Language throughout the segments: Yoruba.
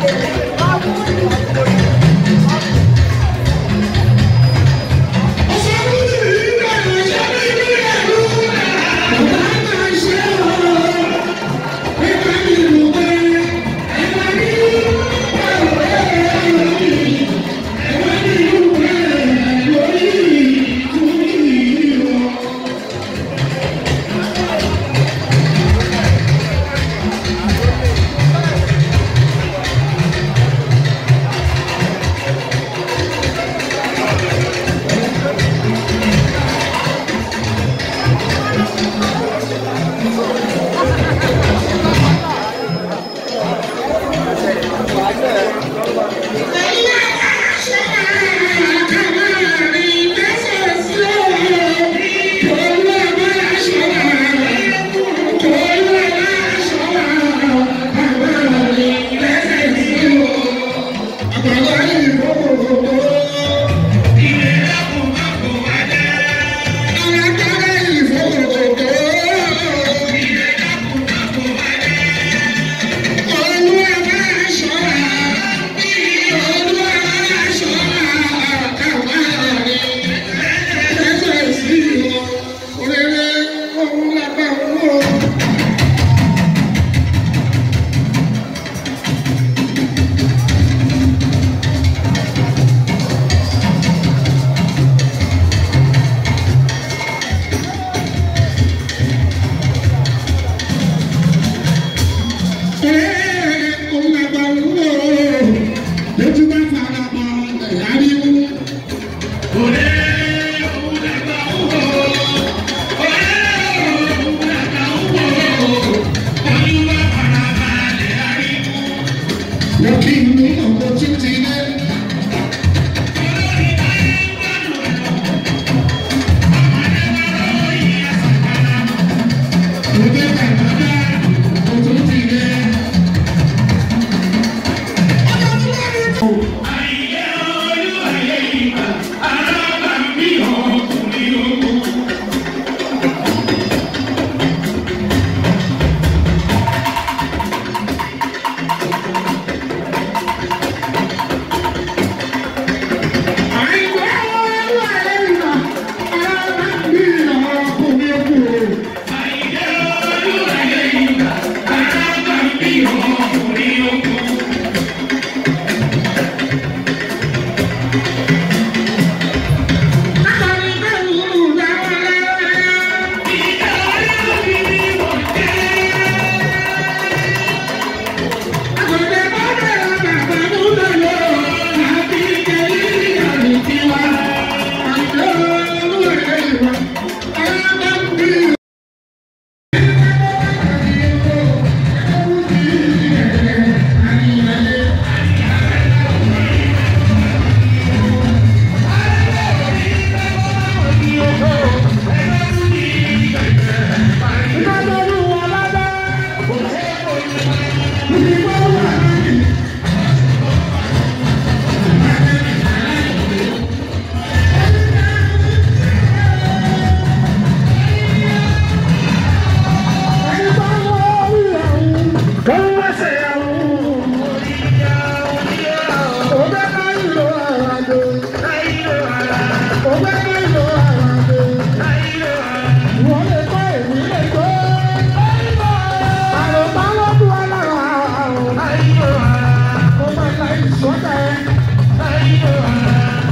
Thank you. Não tem ninguém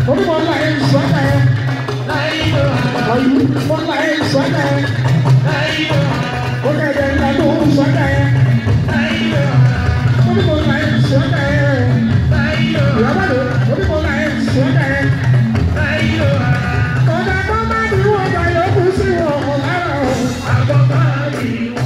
What do I like? Swag there. Are you? What like? Swag there. Okay, then I do swag there. What do I like? Swag there. What do I like? Swag there. Ọ̀dà tó bá ní wọ́n bá yọ kú sí ọ̀hún lára ọ̀hún. Àgbọ̀n bá rí wọn.